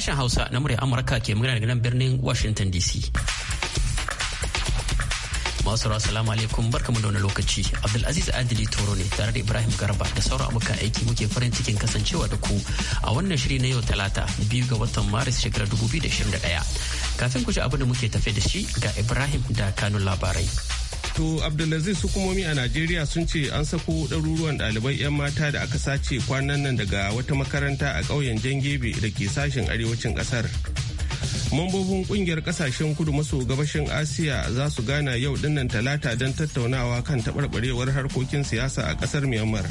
Sashen Hausa na murya Amurka ke magana daga nan birnin Washington DC. Masu salamu alaikum barkamu da wani lokaci Abdulaziz Adili Toro ne tare da Ibrahim Garba da sauran abokan aiki muke farin cikin kasancewa da ku a wannan shiri na yau talata biyu ga watan Maris shekarar 2021. Kafin ku ci abin da muke tafe da shi ga Ibrahim da kanun labarai. To Abdulaziz hukumomi a Najeriya sun ce an sako ɗaruruwan ɗalibai 'yan mata da aka sace kwanan nan daga wata makaranta a ƙauyen Jangebe da ke sashen arewacin ƙasar. Mambobin ƙungiyar ƙasashen kudu maso gabashin Asiya za su gana yau dinnan talata don tattaunawa kan taɓarɓarewar harkokin siyasa a ƙasar Myanmar.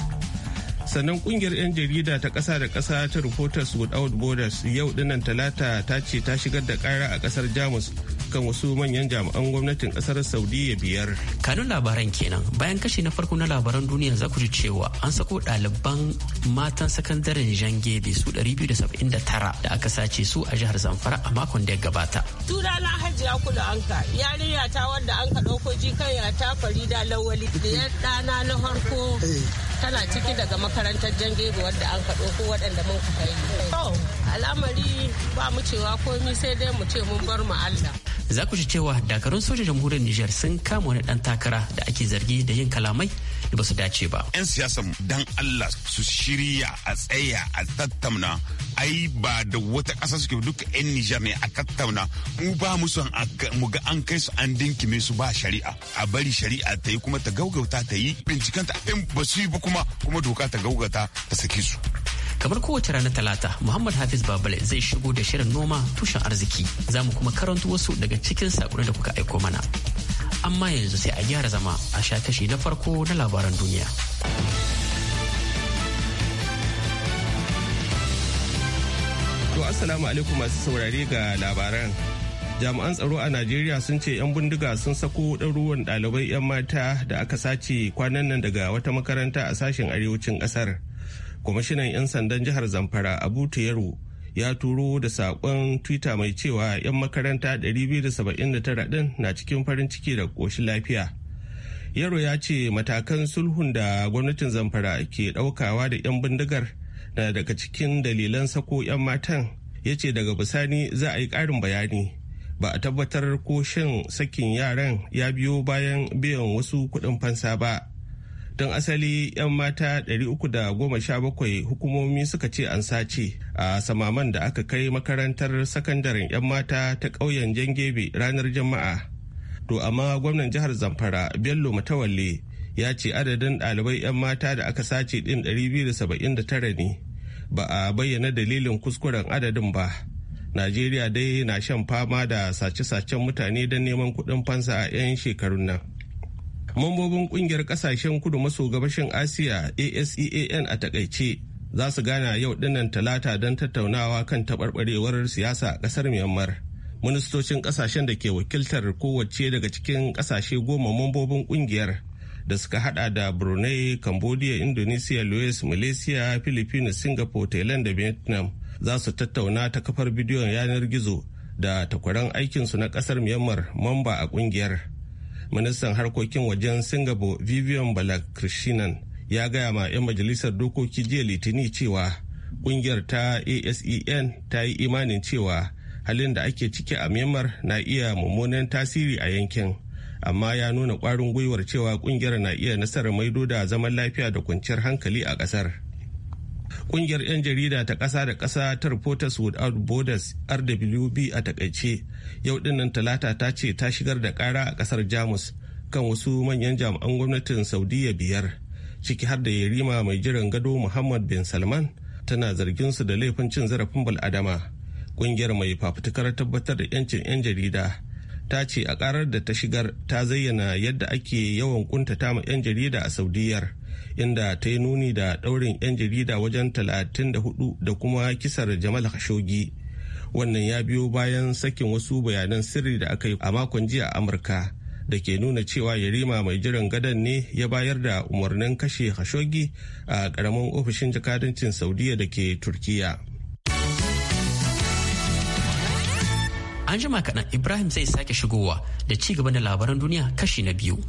Sannan ƙungiyar 'yan jarida ta ƙasa da ƙasa ta Reporters Without Borders yau dinnan talata ta ce ta shigar da ƙara a ƙasar Jamus kan wasu manyan jami'an gwamnatin kasar saudiya biyar kanun labaran kenan bayan kashi na farko na labaran duniya za ku ji cewa an sako ɗaliban matan sakandaren jan gebe su 279 da aka sace su a jihar zamfara a makon da ya gabata tura na kula an anka yarinya ta wanda an ka ɗauko jikan ya ta farida lawali da ya ɗana na farko tana ciki daga makarantar jan gebe wadda an ka ɗauko waɗanda mun kuka yi al'amari ba mu cewa komi sai dai mu ce mun bar mu Allah za ku ji cewa dakarun sojan jamhuriyar Nijar sun kama wani dan takara da ake zargi da yin kalamai da ba su dace ba. 'Yan siyasan dan Allah su shirya a tsaya a tattauna ai ba da wata ƙasa suke duka 'yan Nijar ne a tattauna mu ba mu son mu ga an kai su an dinkime su ba shari'a a bari shari'a ta yi kuma ta gaugauta ta yi bincikanta in ba su yi ba kuma kuma doka ta gaugauta ta saki su. kamar kowace ranar talata muhammad hafiz babale zai shigo da shirin noma tushen arziki za mu kuma karantu wasu daga cikin saƙonin da kuka aiko mana amma yanzu sai a gyara zama a sha kashi na farko na labaran duniya to assalamu alaikum masu saurare ga labaran jami'an tsaro a najeriya sun ce 'yan bindiga sun sako ɗaruruwan ɗalibai 'yan mata da aka sace kwanan nan daga wata makaranta a sashen arewacin ƙasar kwamishinan 'yan sandan jihar zamfara abu yaro ya turo da saƙon twitter mai cewa 'yan makaranta 279 din na cikin farin ciki da ƙoshin lafiya yaro ya ce matakan sulhun da gwamnatin zamfara ke ɗaukawa da 'yan bindigar na daga cikin dalilan sako 'yan matan ya ce daga bisani za a yi ƙarin bayani ba a tabbatar ko shin sakin yaran ya biyo bayan biyan wasu kuɗin fansa ba tun asali 'yan mata 317 hukumomi suka ce an sace a samaman da aka kai makarantar sakandaren 'yan mata ta ƙauyen jangebe ranar jama'a to amma gwamnan jihar zamfara bello matawalle ya ce adadin ɗalibai 'yan mata da aka sace ɗin 279 ne ba a bayyana dalilin kuskuren adadin ba najeriya dai na shan fama da sace-sacen mutane don neman kuɗin fansa a 'yan shekarun nan Mambobin kungiyar kasashen kudu maso gabashin Asiya ASEAN a takaice za su gana yau dinnan talata don tattaunawa kan taɓarɓarewar siyasa a ƙasar Myanmar. Ministocin ƙasashen da ke wakiltar kowace daga cikin ƙasashe goma mambobin ƙungiyar da suka hada da Brunei, Cambodia, Indonesia, Laos, Malaysia, Philippines, Singapore, Thailand da Vietnam za su tattauna ta kafar bidiyon yanar gizo da takwaran aikinsu na ƙasar Myanmar mamba a ƙungiyar. ministan harkokin wajen singapore vivian balakrishnan ya gaya ma 'yan majalisar dokoki jiya litini cewa kungiyar ta asen ta yi imanin cewa halin da ake ciki a myanmar na iya mummunan tasiri a yankin amma ya nuna kwarin gwiwar cewa kungiyar na iya nasarar maido da zaman lafiya da kwanciyar hankali a kasar Kungiyar 'yan jarida ta ƙasa da ƙasa ta Reporters Without Borders RWB a takaice yau dinnan talata ta ce ta shigar da ƙara a ƙasar Jamus kan wasu manyan jami'an gwamnatin Saudiya biyar ciki har da yarima mai jiran gado Muhammad bin Salman tana zargin su da laifin cin zarafin bal'adama. Kungiyar mai fafutukar tabbatar da 'yancin 'yan jarida ta ce a karar da ta shigar ta zayyana yadda ake yawan kuntata ma 'yan jarida a Saudiyar. inda ta yi nuni da ɗaurin 'yan jarida wajen 34 da kuma kisar Jamal Khashoggi. Wannan ya biyo bayan sakin wasu bayanan sirri da aka yi a makon jiya a Amurka da ke nuna cewa yarima mai jiran gadon ne ya bayar da umarnin kashe Khashoggi a karamin ofishin jakadancin Saudiya da ke Turkiya. An jima kaɗan Ibrahim zai sake shigowa da ci gaba da labaran duniya kashi na biyu.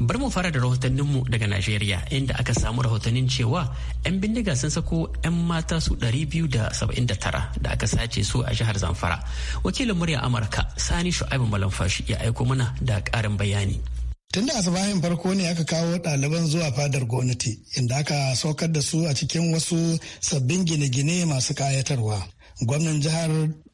Bar mu fara da rahotanninmu daga Najeriya inda aka samu rahotannin cewa 'yan bindiga sun sako 'yan mata su 279 da aka sace su a jihar Zamfara. Wakilin murya Amurka Sani Shu'aibu Malamfashi ya aiko mana da karin bayani. Tunda da asibahin farko ne aka kawo ɗaliban zuwa fadar gwamnati inda aka saukar da su a cikin wasu sabbin gine-gine masu ƙayatarwa. Gwamnan jihar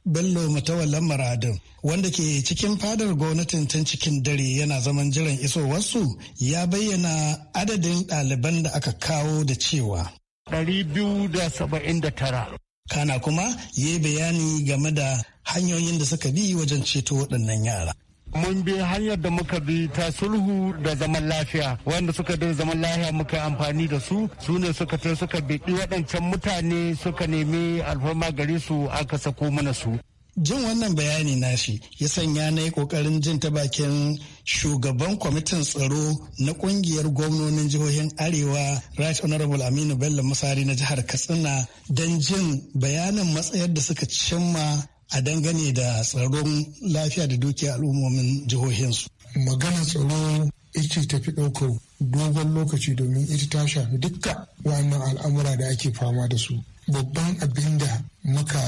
Bello Matawallan Maradin wanda ke cikin fadar gwamnatin tun cikin dare yana zaman jiran isowarsu ya bayyana adadin ɗaliban da aka kawo da cewa. 279. Kana kuma yi bayani game da hanyoyin da suka bi wajen ceto waɗannan yara. mun bi hanyar da muka bi ta sulhu da zaman lafiya wanda suka da zaman lafiya muka yi amfani da su su ne suka ta suka biɗi waɗancan mutane suka nemi alfarma gare su aka sako mana su jin wannan bayani nashi ya sanya na yi kokarin jin ta bakin shugaban kwamitin tsaro na ƙungiyar gwamnonin jihohin arewa right honorable aminu bello musari na jihar katsina don jin bayanin matsayar da suka cimma a dangane da tsaron lafiya da dukiyar al'ummomin jihohinsu. Maganar tsaro ita tafi ɗaukar dogon lokaci domin ita ta shafi dukkan wannan al'amura da ake fama da su. Babban abin da muka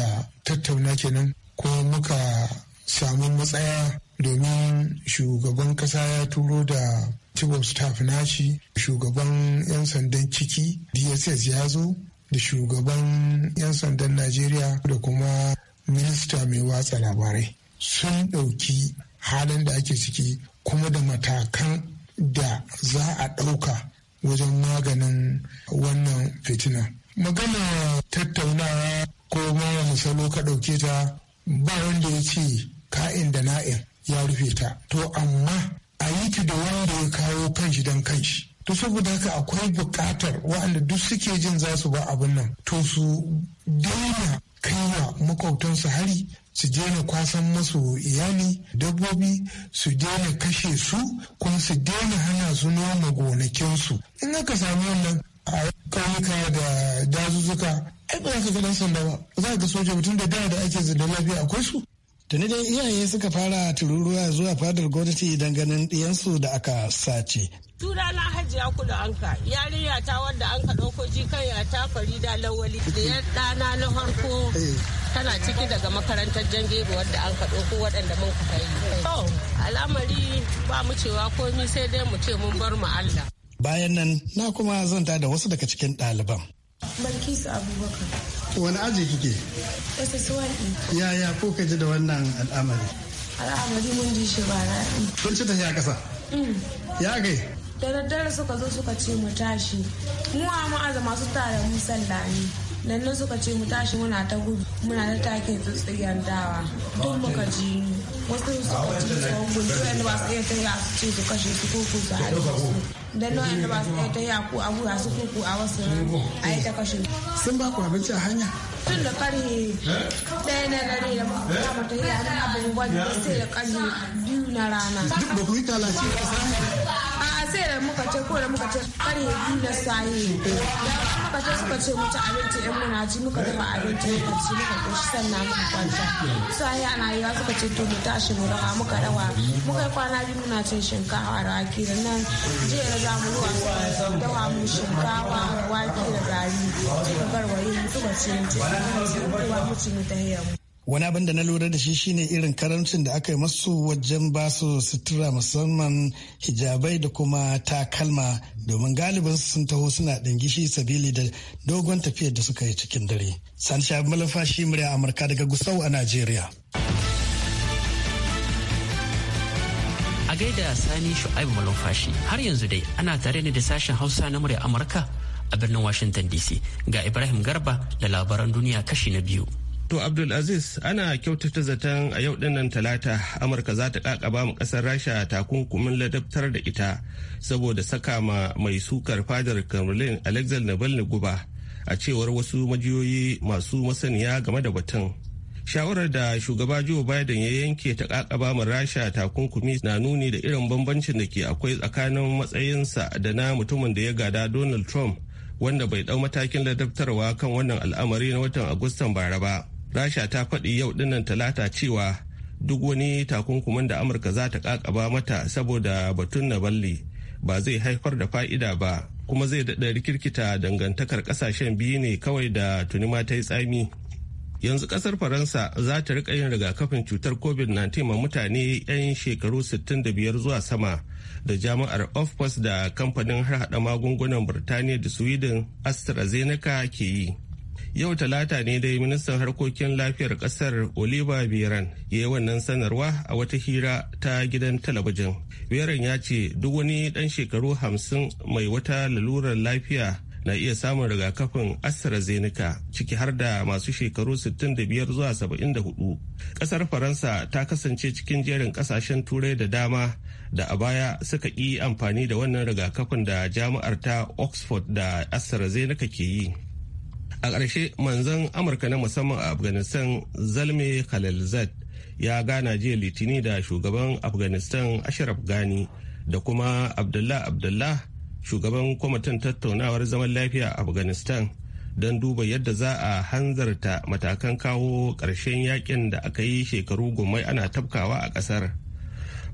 tattauna kenan ko muka samu matsaya domin shugaban ƙasa ya turo da chief of staff nashi shugaban 'yan sandan ciki dss ya zo da shugaban 'yan sandan najeriya da kuma minista mai watsa labarai sun ɗauki halin da ake ciki kuma da matakan da za a ɗauka wajen maganin wannan fitina. Magana tattaunawa ko mara salo ka ɗauke ta ba wanda ya ce ka'in da na'in ya rufe ta. To amma a yi ta da wanda ya kawo kanshi don kanshi. To saboda haka akwai buƙatar waɗanda duk suke jin za su ba abin nan to su daina kaiwa makwabtansu hari su daina kwasan masu iyali dabbobi su daina kashe su kuma su daina hana su noma gonakinsu in aka sami wannan a ƙauyuka da dazuzzuka ai ba ka ga sanda ba za ka ga soja mutum da da da ake zanda lafiya akwai su tuni dai iyaye suka fara tururuwa zuwa fadar gwamnati idan ganin ɗiyansu da aka sace tura na hajiya kudu anka yarinya ta wanda an ka ɗauko kan ya ta farida lawali da dana na harko tana ciki daga makarantar jangebe wadda an ka ɗauko waɗanda mun ka yi. al'amari ba mu cewa komi sai dai mu ce mun bar mu Allah. Bayan nan na kuma zanta da wasu daga cikin ɗaliban. Balkisu Abubakar. Wani aji kike? ss Ya e. Yaya ko ka ji da wannan al'amari? Al'amari mun ji shi ba Kun ci ta ya kasa? Mm. Ya kai? da daddare suka zo suka ce mu tashi mu a ma'aza masu tare mu sallani ne nan suka ce mu tashi muna ta gudu muna ta takin tsatsiyar dawa duk muka ji wasu suka ji tsawon gudu wanda ba su iya tafiya su ce su kashe su ko ku su haɗe su dan nan ba su iya tafiya ko a su ko ku a wasu a yi ta kashe sun ba ku abinci a hanya tun da karhe ɗaya na dare da ba ta yi abin abin gwani sai da karhe biyu na rana. Duk ba ku yi talashi ba samu. A sai da muka ce ko da muka ce karhe biyu na saye. Da muka ce suka ce mutu abinci ɗan muna ci muka dafa abinci muka ci muka ƙoshi sannan muka kwanta. Saye ana yi suka ce to mu tashi mu rawa muka rawa muka yi kwana biyu muna cin shinkawa da wake da nan jiya da zamu ruwa dawa mu shinkawa da wake da gari suka garwaye suka ce mu wani abin da na lura da shi shine irin karancin da aka yi masu wajen ba su sutura musamman hijabai da kuma takalma domin galibin sun taho suna gishi sabili da dogon tafiyar da suka yi cikin dare san Malafa shi murya amurka daga gusau a najeriya a gaida sani shu'aibu malumfashi har yanzu dai ana tare ne da sashen hausa na murya amurka a birnin Washington DC. Ga Ibrahim Garba da labaran duniya kashi na biyu. To Abdulaziz ana kyautata zaton a yau dinnan talata Amurka za ta kakaba mu kasar Rasha takunkumin ladabtar da ita saboda saka ma mai sukar fadar Kremlin alexander Navalny guba a cewar wasu majiyoyi masu masaniya game da batun. Shawarar da shugaba Joe Biden ya yanke ta kakaba mu Rasha takunkumi na nuni da irin bambancin da ke akwai tsakanin matsayinsa da na mutumin da ya gada Donald Trump wanda bai dau matakin ladabtarwa kan wannan al'amari na watan agustan bara ba rasha ta faɗi yau dinnan talata cewa duk wani takunkumin da amurka za ta kakaba mata saboda batun na balli ba zai haifar da fa'ida ba kuma zai daɗa rikirkita dangantakar ƙasashen biyu ne kawai da tuni ma ta yi tsami yanzu kasar faransa za ta rika yin rigakafin cutar covid-19 ma mutane 'yan shekaru 65 zuwa sama da jami'ar ofpost da kamfanin har hada magungunan birtaniya da sweden astrazeneca ke yi yau talata ne dai ministan harkokin lafiyar kasar oliver beran ya yi wannan sanarwa a wata hira ta gidan talabijin beran ya ce duk wani dan shekaru hamsin mai wata lalurar lafiya na iya samun rigakafin AstraZeneca ciki har da masu shekaru 65 zuwa 74. Kasar Faransa ta kasance cikin jerin kasashen turai da dama da a baya suka yi amfani da wannan rigakafin da jami'ar ta Oxford da AstraZeneca ke yi. A ƙarshe manzan Amurka na musamman a Afghanistan Zalme Khalilzad ya gana jiya litini da shugaban Afghanistan Ashraf gani da kuma Abdullah Abdullah shugaban kwamitin tattaunawar zaman lafiya a afghanistan don duba yadda za a hanzarta matakan kawo ƙarshen yakin da aka yi shekaru gomai ana tafkawa a ƙasar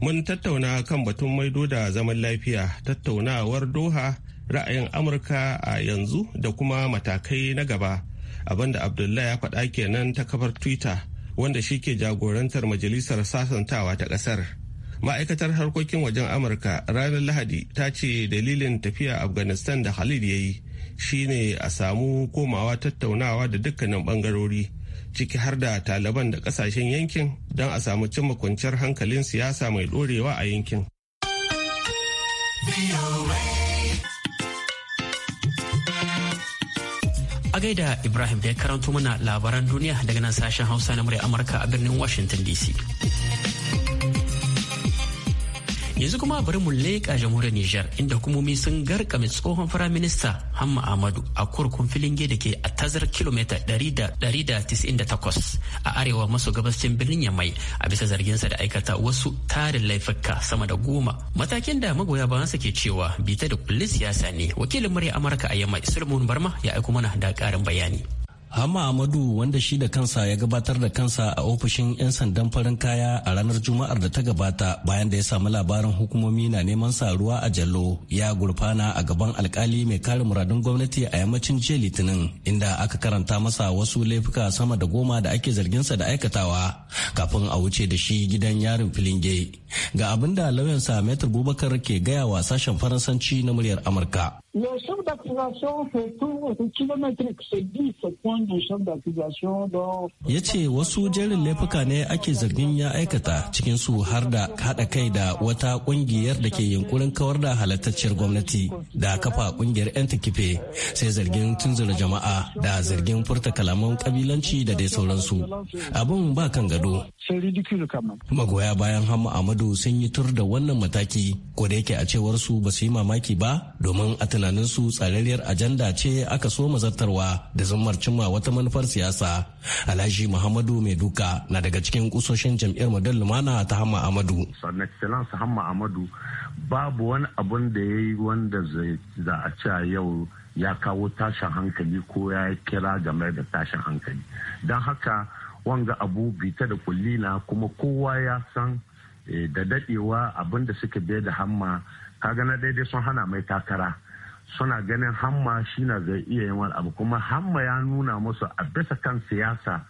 mun tattauna kan batun maido da zaman lafiya tattaunawar doha ra'ayin amurka a yanzu da kuma matakai na gaba abinda abdullahi ya faɗa kenan ta kafar twitter wanda shi ke jagorantar majalisar sasantawa ta ƙasar. ma'aikatar harkokin wajen amurka ranar lahadi ta ce dalilin tafiya afghanistan da khalid ya yi shine a samu komawa tattaunawa da dukkanin bangarori ciki har da taliban da kasashen yankin don a samu cimma kwanciyar hankalin siyasa mai dorewa a yankin a gaida ibrahim da ya karanto mana labaran duniya daga nan sashen hausa na murya amurka a birnin washington dc yanzu kuma bari mu leƙa jamhuriyar Nijar inda hukumomi sun garkame tsohon firaminista Hamma Ahmadu a kurkun filinge da ke a tazar kilomita 198 a arewa maso gabashin birnin Yamai a bisa zarginsa da aikata wasu tarin laifuka sama da goma. Matakin da magoya bayansa ke cewa bita da kulli siyasa ne wakilin murya Amurka a Yamai Sulmun Barma ya aiko mana da ƙarin bayani. Hamma Amadu wanda shi da kansa ya gabatar da kansa a ofishin 'yan sandan farin kaya a ranar Juma'ar da ta gabata bayan da ya samu labarin hukumomi na neman sa ruwa a jallo ya gurfana a gaban alkali mai kare muradun gwamnati a yammacin jiya litinin inda aka karanta masa wasu laifuka sama da goma da ake zargin sa da aikatawa kafin a wuce da shi gidan yarin filinge. ga abin da lauyansa Metar Bubakar ke gaya wa sashen Faransanci na muryar Amurka. Le d'accusation fait tout au kilomètre c'est 10 points chef d'accusation Ya ce wasu jerin laifuka ne ake zargin ya aikata cikin su har da haɗa kai da wata ƙungiyar da ke yunkurin kawar da halattacciyar gwamnati da kafa ƙungiyar 'yan kife sai zargin tunzura jama'a da zargin furta kalaman kabilanci da dai sauransu. Abin ba kan gado. Magoya bayan Hamma Ahmad ado sun yi tur da wannan mataki ko da yake a cewar su ba su yi mamaki ba domin a tunanin su tsarariyar ajanda ce aka so mazartarwa da zammar cimma wata manufar siyasa alhaji muhammadu mai duka na daga cikin kusoshin jam'iyyar model lumana ta hamma amadu hamma amadu babu wani abun da ya yi wanda za a ce yau ya kawo tashin hankali ko ya kira game da tashin hankali don haka wanga abu bita da kullina kuma kowa ya san Eh, da dadewa abin da suka biya da hamma kaga na daidai sun hana mai takara suna ganin hamma shi na zai iya yin wani abu kuma hamma ya nuna musu a bisa kan siyasa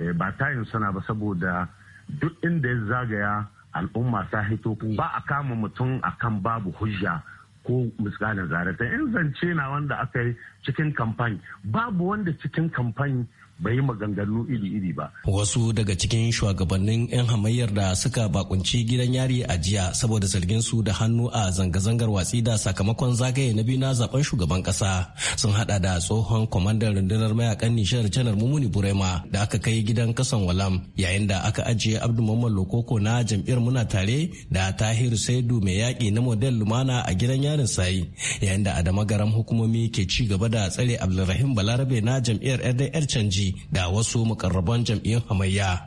eh, ba tayin suna ba saboda duk inda ya zagaya al'umma ta hito ba a kama mutum a kan babu hujja ko misalin zarata in zance na wanda aka yi cikin kamfani babu wanda cikin kamfani bai yi maganganu iri-iri ba. Wasu daga cikin shugabannin 'yan hamayyar da suka bakunci gidan yari a jiya saboda zargin su da hannu a zanga-zangar watsi da sakamakon zagaye na biyu na zaben shugaban kasa sun hada da tsohon kwamandan rundunar mayakan nishar janar mumuni burema da aka kai gidan kasan walam yayin da aka ajiye abdu mamman lokoko na jam'iyyar muna tare da tahiru saidu mai yaƙi na model lumana a gidan yarin sayi yayin da adama garam hukumomi ke ci gaba da tsare abdulrahim balarabe na jam'iyyar rdr canji da wasu mukarraban jam'iyyun hamayya.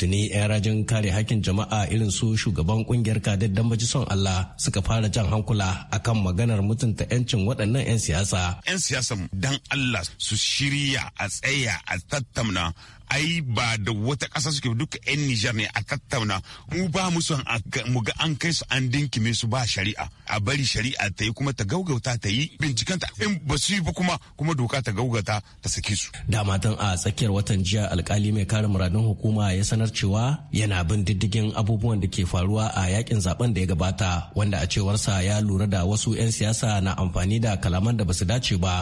Tuni 'yan rajin kare hakkin jama'a irin su shugaban kungiyar kadaddan son Allah suka fara jan hankula akan maganar mutunta 'yancin waɗannan 'yan siyasa. 'Yan siyasan dan Allah su shirya a tsaya a tattamna ai ba da wata ƙasa suke duka 'yan Nijar ne a tattauna mu ba mu son mu ga an kai su an dinkime su ba shari'a a bari shari'a ta yi kuma ta gaugauta ta yi bincikanta in ba su yi ba kuma kuma doka ta gaugauta ta saki su. Da a tsakiyar watan jiya alkali mai kare muradun hukuma ya sanar cewa yana bin diddigin abubuwan da ke faruwa a yakin zaben da ya gabata wanda a cewarsa ya lura da wasu 'yan siyasa na amfani da kalaman da ba su dace ba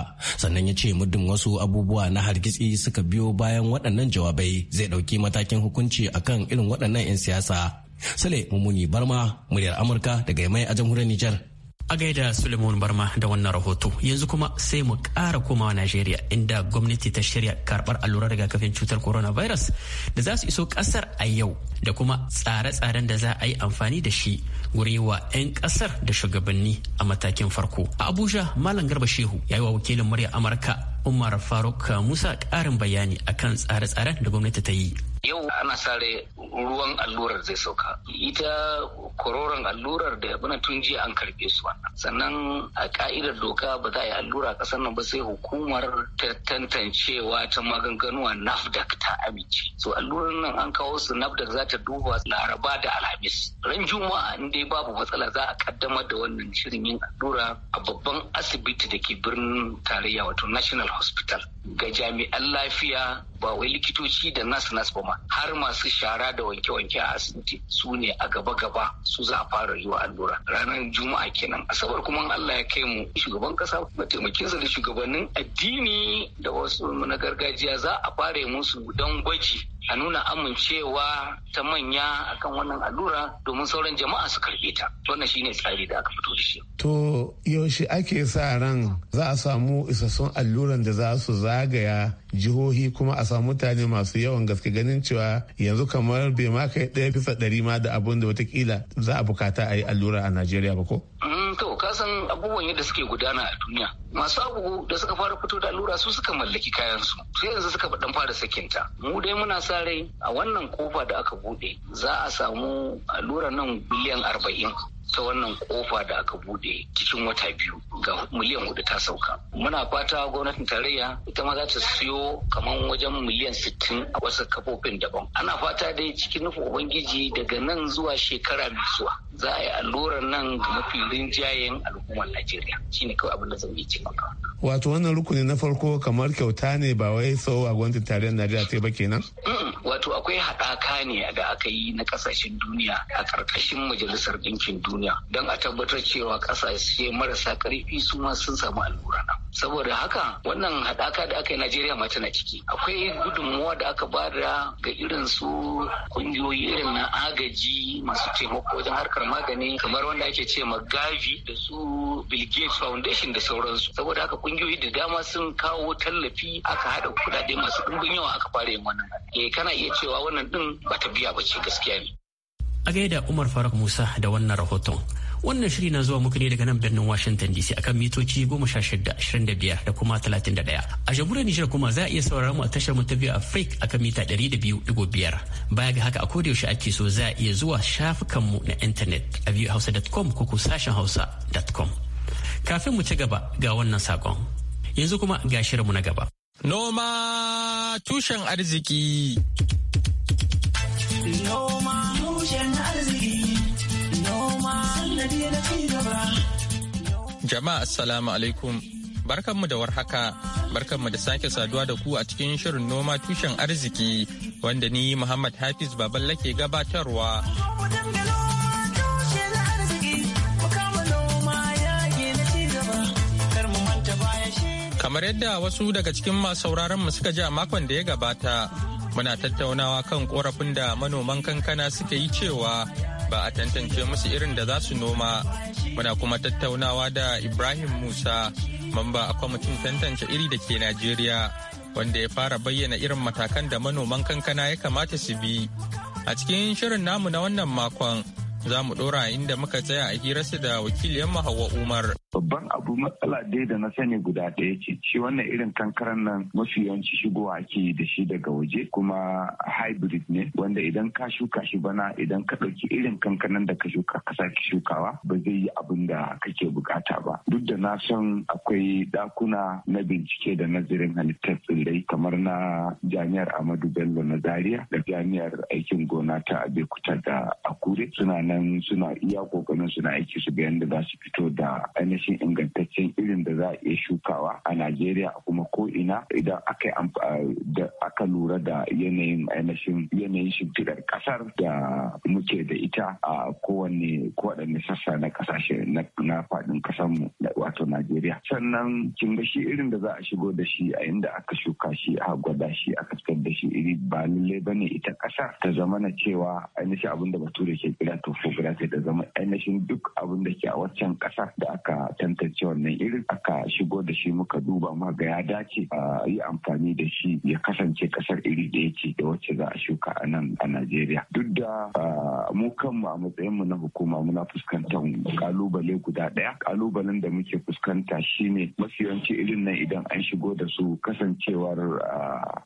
sannan ya ce muddin wasu abubuwa na hargitsi suka biyo bayan waɗannan jawabai zai ɗauki matakin hukunci akan irin waɗannan 'yan siyasa. mu muni Barma, muryar Amurka daga mai a jamhuriyar Nijar. A gaida Suleiman Barma da wannan rahoto yanzu kuma sai mu ƙara komawa Najeriya inda gwamnati ta shirya karɓar allurar rigakafin cutar coronavirus da za su iso ƙasar a yau da kuma tsare-tsaren da za a yi amfani da shi wuri wa 'yan ƙasar da shugabanni a matakin farko. A Abuja Malam Garba Shehu ya yi wa wakilin murya Amurka Umar Faruk Musa ƙarin bayani akan tsare-tsaren da gwamnati ta yi. Yau ana sare ruwan allurar zai sauka. Ita kororon allurar da ya tun jiya an karbe su wannan sannan a ka'idar doka ba za a yi allura a ƙasar nan ba sai hukumar ta tantancewa ta maganganuwa nafdac ta amince so allurar nan an kawo su nafdac za ta duba laraba da alhamis ran juma'a in dai babu matsala za a kaddamar da wannan shirin yin allura a babban asibiti da ke birnin tarayya wato national hospital ga jami'an lafiya ba wai likitoci da nas nas ba ma har masu shara da wanke-wanke a asibiti su ne a gaba-gaba su za a fara yi wa allura ranar juma'a kenan asabar kuma Allah ya kai mu shugaban kasa mataimakinsa da shugabannin addini da wasu na gargajiya za a fara musu don gwaji a nuna amincewa ta manya akan wannan allura domin sauran jama'a su karbe ta wannan shine tsari da aka fito da shi to yaushe ake sa ran za a samu isassun alluran da za su zagaya jihohi kuma a samu mutane masu yawan gaske ganin cewa yanzu kamar bai ma kai ɗaya fisa ɗari ma da abun da watakila za a bukata a yi allura a najeriya ba ko abubuwan yadda suke gudana a duniya masu abubu da suka fara fito da allura su suka mallaki kayan su sai yanzu suka dan fara sakinta mu dai muna sa rai a wannan kofa da aka bude za a samu allura nan biliyan arba'in ta wannan kofa da aka bude cikin wata biyu ga miliyan hudu ta sauka muna fata gwamnatin tarayya ita ma za ta siyo kamar wajen miliyan sittin a wasu kafofin daban ana fata dai cikin nufin ubangiji daga nan zuwa shekara mai zuwa za a yi allurar nan ga mafi rinjayen al'ummar najeriya shine kawai abin da zan yi cikin wato wannan rukuni na farko kamar kyauta ne ba wai sau a gwamnatin tarayyar najeriya sai ba kenan mm, wato akwai haɗaka ne da aka yi na ƙasashen duniya a ƙarƙashin majalisar ɗinkin duniya duniya don a tabbatar cewa ƙasashe marasa ƙarfi su ma sun samu allura saboda haka wannan haɗaka da aka yi najeriya ma tana ciki akwai gudunmuwa da aka ba da ga irin su ƙungiyoyi irin na agaji masu taimako wajen harkar magani kamar wanda ake ce ma gavi da su bill gates foundation da sauransu saboda haka ƙungiyoyi da dama sun kawo tallafi aka haɗa kuɗaɗe masu ɗumbin yawa aka fara yin wannan eh, kana iya cewa wannan ɗin ba ta biya ba ce gaskiya ne a gaida Umar Faruk Musa da wannan rahoton. Wannan shiri na zuwa muku ne daga nan birnin Washington DC akan mitoci 16-25 da kuma 31. A jamhuriyar Nijar kuma za a iya saurara mu a tashar mu ta biyu Afrik akan mita 200.5. Baya ga haka a koda yaushe ake so za a iya zuwa shafukan mu na intanet a viewhausa.com ko ko sashen hausa.com. Kafin mu ci gaba ga wannan sakon. Yanzu kuma ga shirinmu na gaba. Noma tushen arziki. Noma Jama'a Assalamu alaikum. Barkanmu da warhaka, barkanmu da sake saduwa da ku a cikin shirin noma tushen arziki wanda ni Muhammad Hafiz Baballa ke gabatarwa. Kamar yadda wasu daga cikin masu mu suka ji a makon da ya gabata, muna tattaunawa kan korafin da manoman kankana suke yi cewa ba a tantance musu irin da za su noma muna kuma tattaunawa da ibrahim musa mamba a kwamitin tantance iri da ke najeriya wanda ya fara bayyana irin matakan da manoman kankana ya kamata su bi a cikin shirin namu na wannan makon za mu ɗora inda muka tsaya a su da mu Hauwa Umar. Babban abu matsala dai da na sani guda ɗaya ce, shi wannan irin kankaran nan mafi yawanci shigowa ake da shi daga waje kuma hybrid ne wanda idan ka shuka shi bana idan ka ɗauki irin kankanan da ka shuka ka sake shukawa ba zai yi abin da kake bukata ba. Duk da na san akwai ɗakuna na bincike da nazarin halittar tsirrai kamar na jami'ar Amadu Bello na Zaria da jami'ar aikin gona ta Abeokuta da Akure suna nan nan suna iya kokarin suna aiki su ga yadda za su fito da ainihin ingantaccen irin da za a iya shukawa a Najeriya kuma ko ina idan aka aka lura da yanayin ainihin yanayin shimfiɗar kasar da muke da ita a kowanne kowanne sassa na kasashe na faɗin mu wato Najeriya. Sannan kin ga shi irin da za a shigo da shi a inda aka shuka shi a gwada shi aka fitar da iri ba lallai bane ita ƙasar ta zama na cewa ainihin abin da bature ke kira to sai ta zama ainihin duk abin da ke a waccan kasar da aka tantance wannan irin aka shigo da shi muka duba ma ga ya dace a yi amfani da shi ya kasance kasar iri da ya ce da wacce za a shuka a nan a Najeriya. Duk da mu kanmu a mu na hukuma muna fuskantar kalubale guda ɗaya. Kalubalen da muke fuskanta shine mafi yawanci irin nan idan an shigo da su kasancewar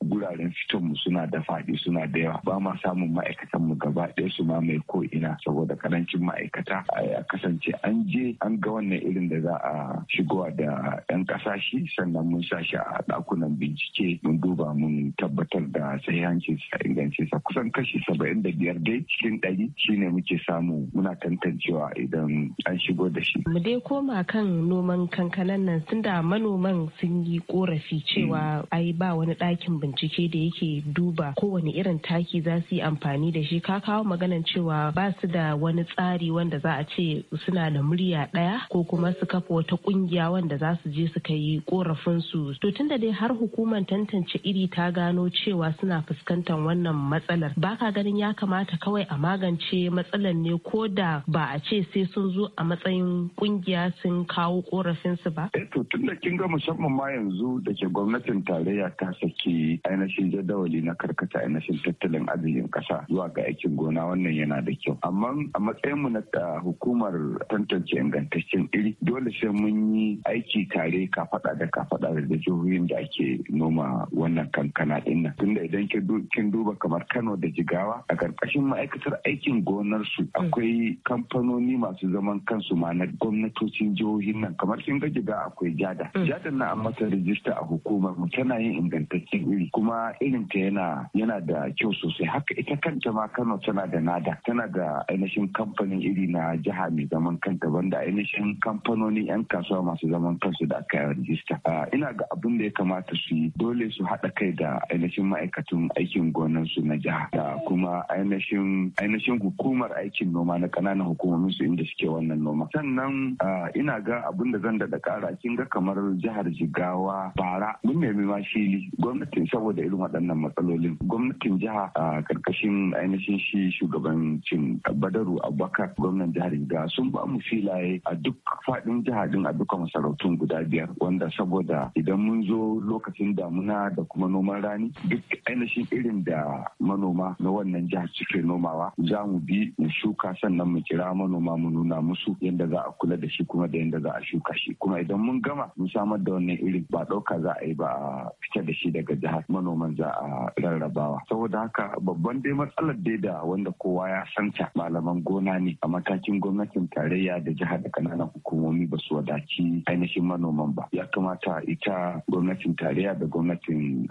guraren fitonmu suna da faɗi suna da yawa ba ma samun ma'aikatanmu gaba ɗaya su ma mai ko ina saboda karancin ma'aikata a kasance an je an ga wannan irin da za a shigowa da 'yan kasashe sannan mun sa shi a ɗakunan bincike mun duba mun tabbatar da sahihancin sa ingancin sa kusan kashi saba'in da biyar dai cikin ɗari shine muke samu muna tantancewa idan an shigo da shi. Mu dai koma kan noman kankanan nan tunda manoman sun yi korafi cewa ai ba wani ɗakin bincike da yake duba kowane irin taki za su yi amfani da shi ka kawo maganan cewa ba su da wani tsari wanda za a ce suna da murya ɗaya ko kuma su kafa wata ƙungiya wanda za su je su kai korafin su to tunda dai har hukumar tantance iri ta gano cewa suna fuskantar wannan matsalar baka ganin ya kamata kawai a magance matsalar ne ko da ba a ce sai sun zo a matsayin ƙungiya sun kawo korafin su ba eh, to tunda kin ga musamman ma yanzu da ke gwamnatin tarayya ta saki ainihin jadawali na karkata ainihin tattalin arzikin ƙasa zuwa ga aikin gona wannan yana da kyau amma domin a matsayinmu na hukumar tantance ingantaccen iri dole sai mun yi aiki tare ka faɗa da ka faɗa da jihohin da ake noma wannan kankana dinnan nan tunda idan kin duba kamar kano da jigawa a karkashin ma'aikatar aikin gonar su mm. akwai kamfanoni masu zaman kansu ma na gwamnatocin jihohin nan kamar kin ga jiga akwai jada mm. jada na an mata rijista a hukumar mu tana yin ingantaccen iri kuma irin ta yana yana da kyau sosai haka ita kanta ma kano tana da nada tana da ainihin ainihin kamfanin iri na jiha mai zaman kanta banda ainihin kamfanoni 'yan kasuwa masu zaman kansu da aka rajista. Ina ga abin da ya kamata su yi dole su haɗa kai da ainihin ma'aikatan aikin gonansu na jiha da kuma ainihin hukumar aikin noma na ƙananan hukumomin su inda suke wannan noma. Sannan ina ga abin da zan daɗa ƙara kin ga kamar jihar Jigawa bara mun nemi ma shili gwamnatin saboda irin waɗannan matsalolin gwamnatin jiha a ƙarƙashin ainihin shi shugabancin Badar a Bakar, gwamnan jihar Gida, sun ba mu filaye a duk faɗin jihar din a duka masarautun guda biyar wanda saboda idan mun zo lokacin damuna da kuma noman rani duk ainihin irin da manoma na wannan jihar suke nomawa za mu bi mu shuka sannan mu kira manoma mu nuna musu yadda za a kula da shi kuma da yadda za a shuka shi kuma idan mun gama mun samar da wannan irin ba ɗauka za a yi ba a fitar da shi daga jihar manoman za a rarrabawa saboda haka babban dai matsalar dai da wanda kowa ya santa malaman an gona ne a matakin gwamnatin tarayya da jiha da kananan hukumomi ba su wadaci ainihin manoman ba ya kamata ita gwamnatin tarayya da gwamnatin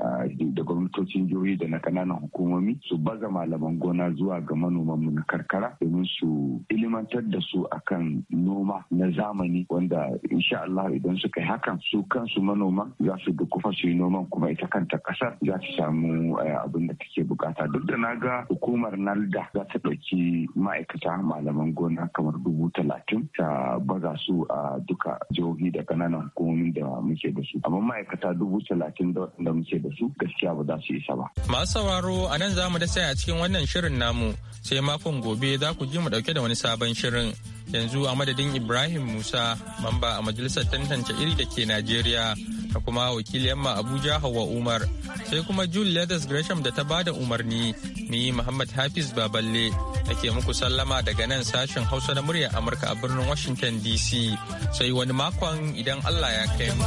da gwamnatocin jihohi da na kananan hukumomi su baza malaman gona zuwa ga manoman mu na karkara domin su ilimantar da su akan noma na zamani wanda insha Allah idan suka yi hakan su kansu manoma za su dukufa su yi noman kuma ita kanta kasar za ta samu eh, abin da take bukata duk da na ga hukumar nalda za ta ɗauki ma'aikata ma'aikata malaman gona kamar dubu talatin ta baza su a duka jihohi da kananan hukumomin da muke da su amma ma'aikata dubu talatin da waɗanda muke da su gaskiya ba za su isa ba. masu sauraro a nan za mu da sai a cikin wannan shirin namu sai makon gobe za ku ji mu ɗauke da wani sabon shirin. yanzu a madadin ibrahim musa mamba a majalisar tantance iri da ke najeriya da kuma wakiliyar ma abuja hawa umar sai kuma julius gresham da ta bada umarni ni muhammad hafiz baballe ake muku sallama daga nan sashen hausa na muryar amurka a birnin washington dc sai wani makon idan allah ya kai mu.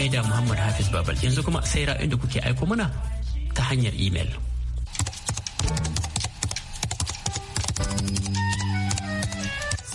gaida Muhammad Hafiz Babal yanzu kuma sai ra'ayin da kuke aiko mana ta hanyar imel.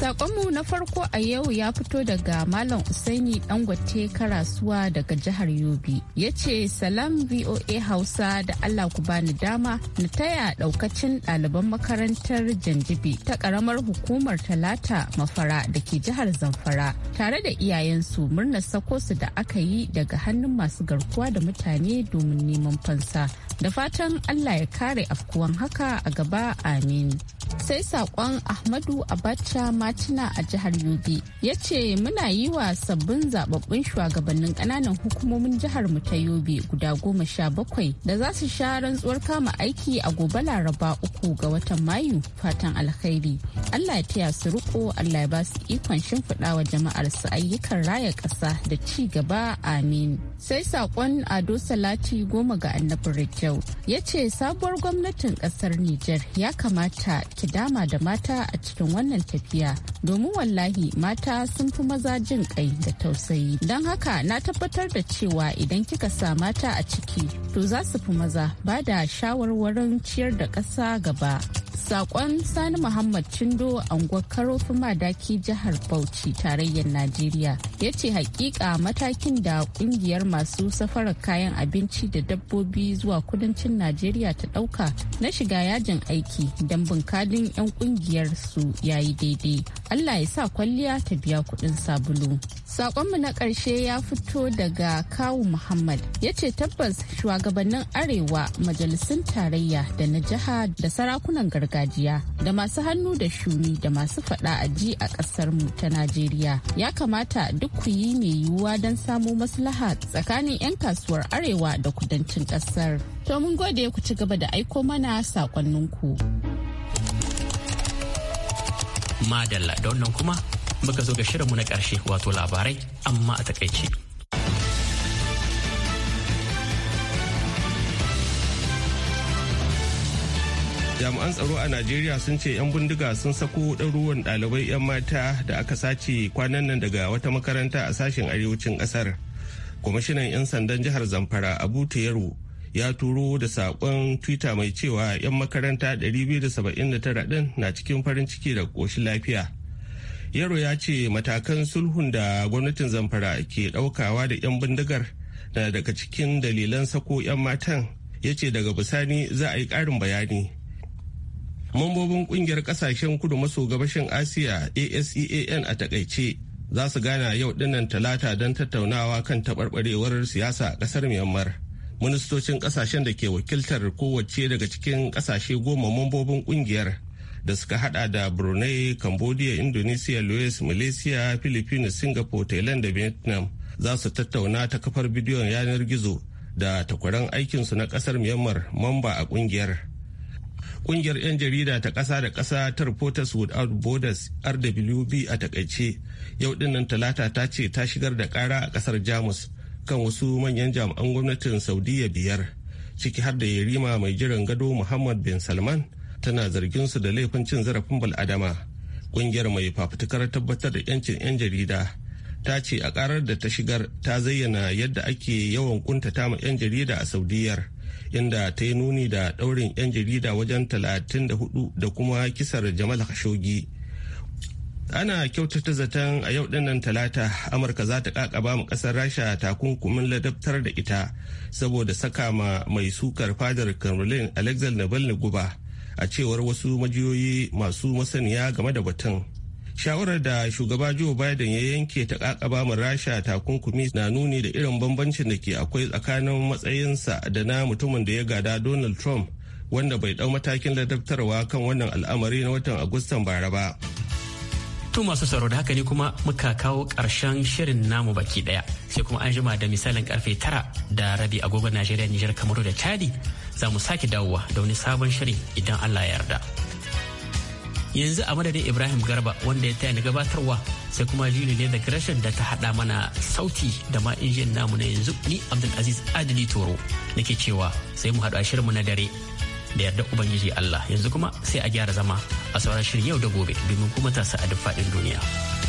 Sakonmu na farko a yau ya fito daga Malam Usaini Dangote Karasuwa daga jihar Yobe. Ya ce salam VOA Hausa da Allah ku bani dama na taya daukacin ɗaliban makarantar Janjibi ta ƙaramar hukumar Talata Mafara da ke jihar Zamfara tare da iyayensu murna sako su da aka yi daga hannun masu garkuwa da mutane domin neman fansa. Da fatan Allah ya kare afkuwan haka a gaba amin. sai sakon ahmadu abacha matina a jihar yobe ya ce muna yi wa sabbin zababbun shugabannin ƙananan hukumomin jihar mu ta yobe guda goma sha bakwai da za su sha rantsuwar kama aiki a gobe laraba uku ga watan mayu fatan alkhairi allah ya taya su riko allah ya ba su ikon shimfiɗa wa jama'ar su ayyukan raya ƙasa da ci gaba amin sai sakon ado salati goma ga annabin rijau ya ce sabuwar gwamnatin ƙasar Nijar ya kamata ki dama da mata a cikin wannan tafiya domin wallahi mata sun fi maza jin kai da tausayi don haka na tabbatar da cewa idan kika sa mata a ciki to za su fi maza ba da shawarwarin ciyar da ƙasa gaba Sakon Sani Muhammad Chindo anguwar Karofin Madaki jihar Bauchi tarayyar Najeriya ya ce hakika matakin da kungiyar masu safarar kayan abinci da dabbobi zuwa kudancin Najeriya ta dauka na shiga yajin aiki don bunkadin 'yan kungiyar su yayi daidai. Allah ya sa kwalliya ta biya kudin sabulu. Sakonmu na ƙarshe ya fito daga Kawu Muhammad ya ce tabbas shugabannin Arewa majalisun tarayya da na jiha da sarakunan gar gargajiya da masu hannu da shuni da masu fada a ji a ƙasarmu ta Najeriya. Ya kamata duk ku yi mai yiwuwa don samo maslaha tsakanin 'yan kasuwar arewa da kudancin ƙasar. To mun gode ku ci gaba da aiko mana saƙonninku. Madalla da wannan kuma muka zo ga shirinmu na karshe wato labarai amma a takaice. jami'an tsaro a najeriya sun ce 'yan bindiga sun sako ɗaruruwan ɗalibai 'yan mata da aka sace kwanan nan daga wata makaranta a sashen arewacin ƙasar kwamishinan 'yan sandan jihar zamfara abu yaro ya turo da saƙon twitter mai cewa 'yan makaranta 279 ɗin na cikin farin ciki da ƙoshin lafiya yaro ya ce matakan sulhun da gwamnatin zamfara ke ɗaukawa da 'yan bindigar na daga cikin dalilan sako 'yan matan ya ce daga bisani za a yi ƙarin bayani mambobin kungiyar kasashen kudu maso gabashin asiya asean a takaice za su gana yau dinnan talata don tattaunawa kan taɓarɓarewar siyasa a ƙasar myanmar ministocin ƙasashen da ke wakiltar kowace daga cikin ƙasashe goma mambobin kungiyar da suka hada da brunei cambodia indonesia louis malaysia philippines singapore thailand da vietnam za su tattauna ta kafar bidiyon yanar gizo da takwaran aikinsu na ƙasar myanmar mamba a kungiyar Kungiyar 'yan jarida ta ƙasa da ƙasa ta Reporters Without Borders RWB a takaice yau dinnan talata ta ce ta shigar da ƙara a ƙasar Jamus kan wasu manyan jami'an gwamnatin Saudiya biyar ciki har da yarima mai jiran gado Muhammad bin Salman tana zargin su da laifin cin zarafin bal'adama. Kungiyar mai fafutukar tabbatar da 'yancin 'yan jarida ta ce a karar da ta shigar ta zayyana yadda ake yawan kuntata ma 'yan jarida a Saudiyar. inda ta yi nuni da daurin 'yan jarida wajen 34 da kuma kisar jamal khashoggi ana kyautata zaton a yau dinnan talata amurka za ta kakaba mu kasar rasha takunkumin ladabtar da ita saboda saka ma mai sukar fadar kremlin alexander navalny guba a cewar wasu majiyoyi masu masaniya game da batun shawarar da shugaba joe biden ya yanke ta kakaba mu rasha takunkumi na nuni da irin bambancin da ke akwai tsakanin matsayinsa da na mutumin da ya gada donald trump wanda bai dau matakin ladabtarwa kan wannan al'amari na watan agustan bara ba to masu tsaro da haka ne kuma muka kawo karshen shirin namu baki daya sai kuma an jima da misalin karfe tara da rabi agogon najeriya nijar kamaru da chadi za mu sake dawowa da wani sabon shirin idan allah ya yarda. yanzu a madadin ibrahim garba wanda ya taya ni gabatarwa sai kuma juli ne da gresham da ta hada mana sauti da ma injin namu na yanzu ni abdulaziz adili toro nake cewa sai mu haɗu a shirin mu na dare da yarda ubangiji allah yanzu kuma sai a gyara zama a sauran shirin yau da gobe domin kuma tasa a duk faɗin duniya.